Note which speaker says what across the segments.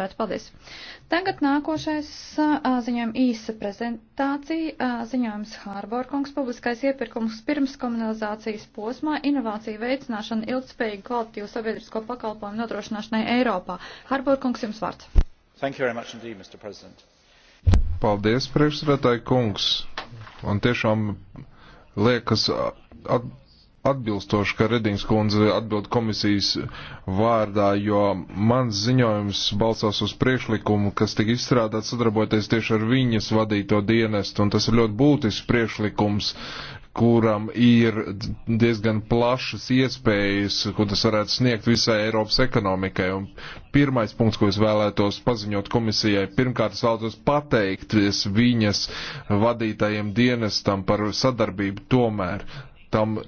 Speaker 1: reģistrēti. Paldies! Tagad nākošais ziņojuma īsa prezentācija. Ziņojums Hārborkungs publiskais iepirkums pirms komunalizācijas posmā - inovācija veicināšana ilgspējīgu kvalitīvu sabiedrisko pakalpojumu nodrošināšanai Eiropā. Hārborkungs, jums
Speaker 2: vārds. Indeed, Paldies, priekšsredētāji kungs. Man tiešām liekas at, atbilstoši, ka Redings kundze atbild komisijas vārdā, jo mans ziņojums balstās uz priekšlikumu, kas tika izstrādāts sadarbojoties tieši ar viņas vadīto dienestu, un tas ir ļoti būtisks priekšlikums, kuram ir diezgan plašas iespējas, ko tas varētu sniegt visai Eiropas ekonomikai. Un pirmais punkts, ko es vēlētos paziņot komisijai, pirmkārt es vēlētos pateikties viņas vadītajiem dienestam par sadarbību tomēr tam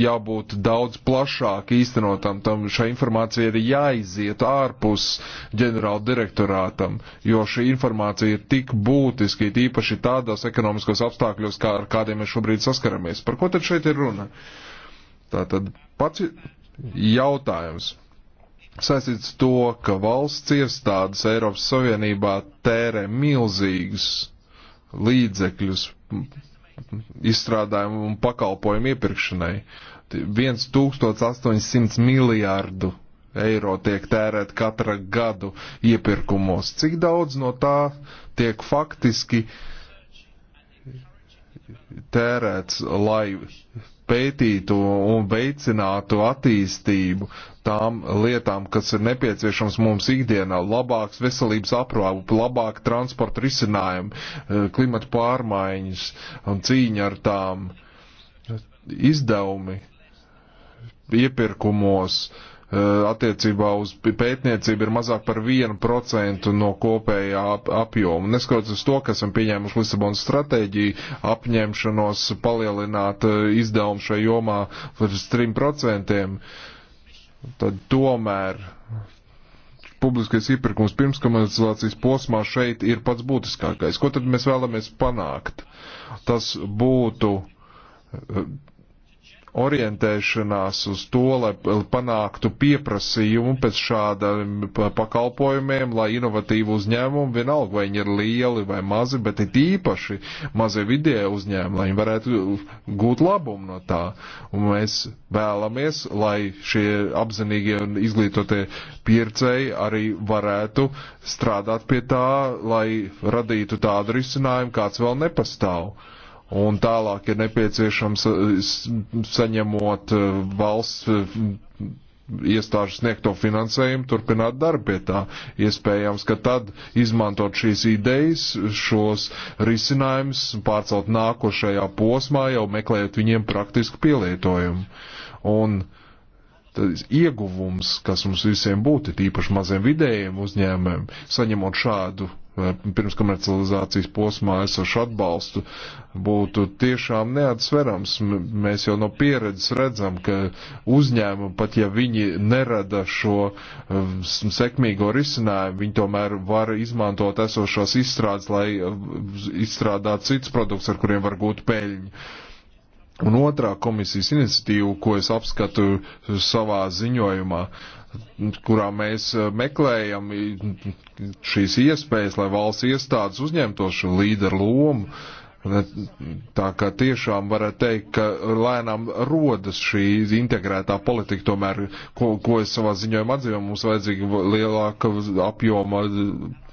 Speaker 2: jābūt daudz plašāk īstenotam, tam šai informācija ir jāiziet ārpus ģenerāla direktorātam, jo šī informācija ir tik būtiska, it īpaši tādos ekonomiskos apstākļos, kā ar kādiem mēs šobrīd saskaramies. Par ko tad šeit ir runa? Tātad pats jautājums saistīts to, ka valsts iestādes Eiropas Savienībā tērē milzīgus līdzekļus izstrādājumu un pakalpojumu iepirkšanai. 1800 miljārdu eiro tiek tērēt katra gadu iepirkumos. Cik daudz no tā tiek faktiski uh, tērēts, lai pētītu un veicinātu attīstību tām lietām, kas ir nepieciešams mums ikdienā - labāks veselības aprūpe, labāk transporta risinājumi, eh, klimata pārmaiņas un cīņa ar tām izdevumi iepirkumos, uh, Eh, attiecībā uz pētniecību ir mazāk par 1% no kopējā apjoma. Neskatoties uz to, ka esam pieņēmuši Lisabonas stratēģiju, apņemšanos palielināt eh, izdevumu šai jomā par 3%, tad tomēr publiskais iepirkums pirmskomercializācijas posmā šeit ir pats būtiskākais. Ko tad mēs vēlamies panākt? Tas būtu eh, orientēšanās uz to, lai panāktu pieprasījumu pēc šādiem pakalpojumiem, lai inovatīvu uzņēmumu, vienalga vai viņi ir lieli vai mazi, bet ir īpaši mazie vidē uzņēmumi, lai viņi varētu gūt labumu no tā. Un mēs vēlamies, lai šie apzinīgie un izglītotie pircēji arī varētu strādāt pie tā, lai radītu tādu risinājumu, kāds vēl nepastāv un tālāk ir nepieciešams eh, saņemot eh, valsts eh, iestāžu sniegto finansējumu, turpināt darbu pie tā. Iespējams, ka tad izmantot šīs idejas, šos risinājumus, pārcelt nākošajā posmā, jau meklējot viņiem praktisku pielietojumu. Un tad ieguvums, kas mums visiem būtu, tīpaši maziem vidējiem uzņēmēm, saņemot šādu pirms komercializācijas posmā esošu atbalstu būtu tiešām neatsverams. Mēs jau no pieredzes redzam, ka uzņēmumi, pat ja viņi nerada šo um, sekmīgo risinājumu, viņi tomēr var izmantot esošās izstrādes, lai um, izstrādātu cits produkts, ar kuriem var gūt peļņu. Un otrā komisijas iniciatīva, ko es apskatu savā ziņojumā, uh, kurā mēs eh, meklējam šīs iespējas, lai valsts iestādes uzņemtos šo līderu lomu. Tā kā tiešām varētu teikt, ka lēnām rodas šī integrētā politika, tomēr, ko, ko es savā ziņojumā atzīvoju, mums vajadzīga lielāka apjoma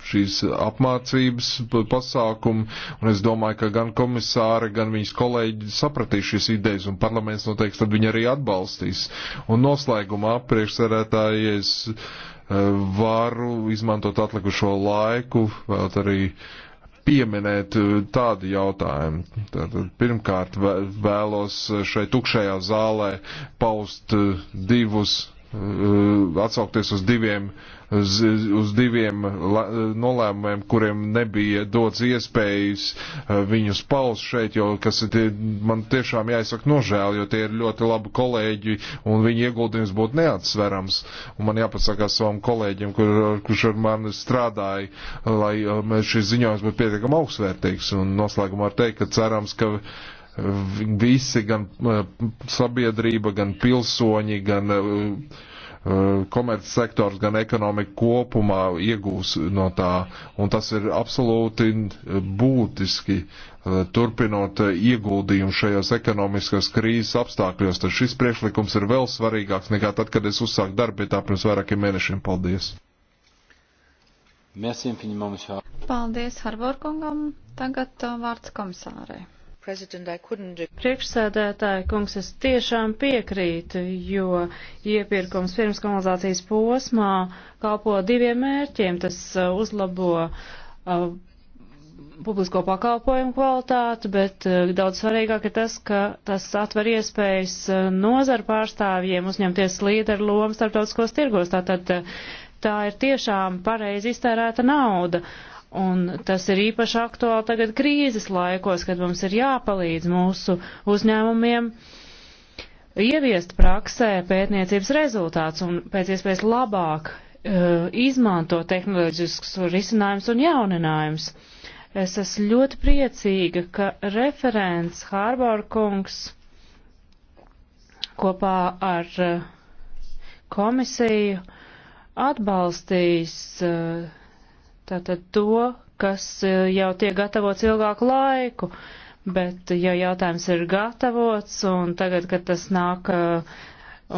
Speaker 2: šīs apmācības pasākumu, un es domāju, ka gan komisāri, gan viņas kolēģi sapratīs šīs idejas, un parlaments noteikti tad viņu arī atbalstīs. Un noslēgumā priekšsarētāji es eh, varu izmantot atlikušo laiku, vēl arī pieminēt eh, tādu jautājumu. Tātad, pirmkārt, vēlos šai tukšajā zālē paust eh, divus Mm, atsaukties uz diviem, uz, uz diviem nolēmumiem, kuriem nebija dots iespējas eh, viņus paust šeit, jo kas tie, man tiešām jāizsaka nožēl, jo tie ir ļoti labi kolēģi un viņa ieguldījums būtu neatsverams. Un man jāpasakās savam kolēģim, kur, kurš ar mani strādāja, lai eh, šis ziņojums būtu pietiekami augstvērtīgs. Un noslēgumā var teikt, ka cerams, ka visi, gan eh, sabiedrība, gan pilsoņi, gan eh, eh, komerc sektors, gan ekonomika kopumā iegūs no tā. Un tas ir absolūti būtiski turpinot ieguldījumu šajos ekonomiskās krīzes apstākļos. Tad šis priekšlikums ir vēl svarīgāks nekā tad, kad es uzsāku darbu pie tā pirms vairākiem mēnešiem. Paldies!
Speaker 1: Paldies Harborkungam. Tagad vārds komisārai. Priekšsēdētāji, kungs, es tiešām piekrītu, jo iepirkums pirms kanalizācijas posmā kalpo diviem mērķiem. Tas uh, uzlabo uh, publisko pakalpojumu kvalitāti, bet uh, daudz svarīgāk ir tas, ka tas atver iespējas uh, nozaru pārstāvjiem uzņemties līderu lomu starptautiskos tirgos. Tātad uh, tā ir tiešām pareizi iztērēta nauda. Uh, Un tas ir īpaši aktuāli tagad krīzes laikos, kad mums ir jāpalīdz mūsu uzņēmumiem ieviest praksē pētniecības rezultāts un pēc iespējas labāk uh, eh, izmanto tehnoloģiskus risinājumus un jauninājumus. Es esmu ļoti priecīga, ka referents Hārbāra kungs kopā ar uh, komisiju atbalstīs uh, Tātad to, kas eh, jau tiek gatavots ilgāku laiku, bet ja jautājums ir gatavots un tagad, kad tas nāk eh,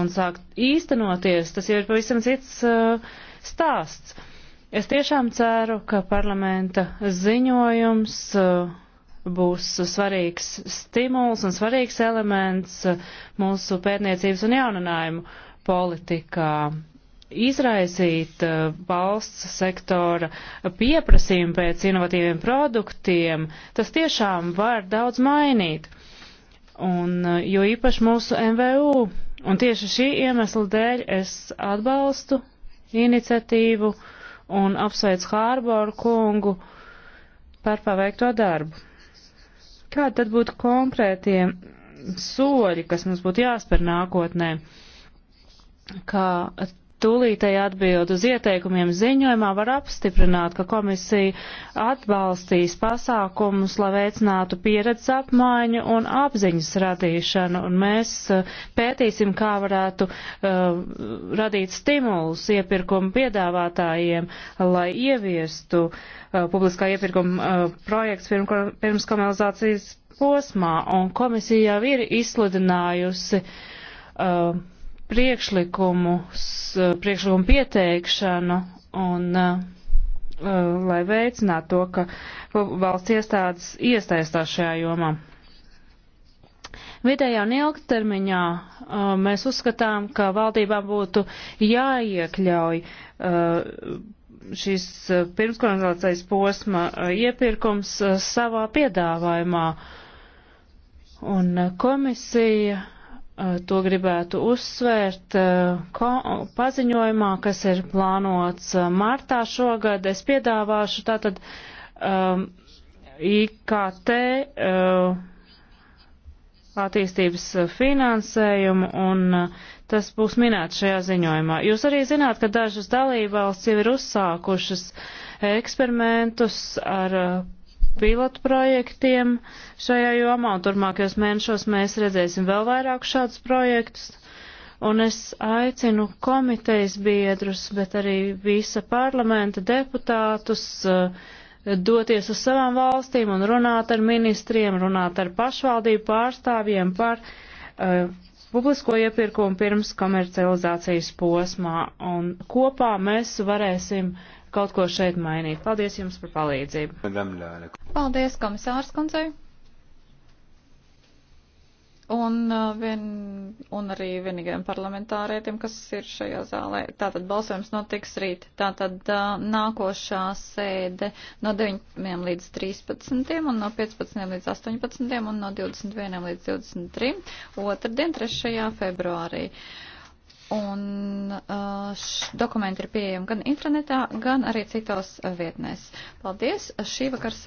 Speaker 1: un sāk īstenoties, tas jau ir pavisam cits eh, stāsts. Es tiešām ceru, ka parlamenta ziņojums būs svarīgs stimuls un svarīgs elements mūsu pētniecības un jauninājumu politikā izraisīt eh, valsts sektora pieprasījumu pēc inovatīviem produktiem, tas tiešām var daudz mainīt. Un, eh, jo īpaši mūsu MVU. Un tieši šī iemesla dēļ es atbalstu iniciatīvu un apsveicu Hārboru kungu par paveikto darbu. Kādi tad būtu konkrētie soļi, kas mums būtu jāspēr nākotnē? kā tūlītēja atbild uz ieteikumiem ziņojumā var apstiprināt, ka komisija atbalstīs pasākumus, lai veicinātu pieredzes apmaiņu un apziņas radīšanu, un mēs eh, pētīsim, kā varētu uh, radīt stimulus iepirkumu piedāvātājiem, lai ieviestu uh, publiskā iepirkuma uh, projekts pirms, pirms komercializācijas posmā, un komisija jau ir izsludinājusi uh, priekšlikumus, eh, priekšlikumu pieteikšanu un eh, eh, lai veicinātu to, ka valsts iestādes iesaistās šajā jomā. Vidējā un ilgtermiņā mēs uzskatām, ka valdībām būtu jāiekļauj šis pirmskolonizācijas posma iepirkums savā piedāvājumā. Un komisija Eh, to gribētu uzsvērt eh, ko, paziņojumā, kas ir plānots eh, martā šogad. Es piedāvāšu tātad um, IKT uh, attīstības finansējumu, un uh, tas būs minēts šajā ziņojumā. Jūs arī zināt, ka dažas dalībvalsts jau ir uzsākušas eksperimentus ar uh, pilotprojektiem šajā jomā, un turmākajos mēnešos mēs redzēsim vēl vairāk šādus projektus. Un es aicinu komitejas biedrus, bet arī visa parlamenta deputātus uh, doties uz savām valstīm un runāt ar ministriem, runāt ar pašvaldību pārstāvjiem par uh, publisko iepirkumu pirms komercializācijas posmā. Un kopā mēs varēsim kaut ko šeit mainīt. Paldies jums par palīdzību. Paldies komisārs kundzei. Un, uh, vien, un arī vienīgajiem parlamentārietim, kas ir šajā zālē. Tātad balsojums notiks rīt. Tātad uh, nākošā sēde no 9 līdz 13 un no 15 līdz 18 un no 21 līdz 23. Otradien 3. februārī. Un uh, dokumenti ir pieejami gan internetā, gan arī citos uh, vietnēs. Paldies! Šī vakars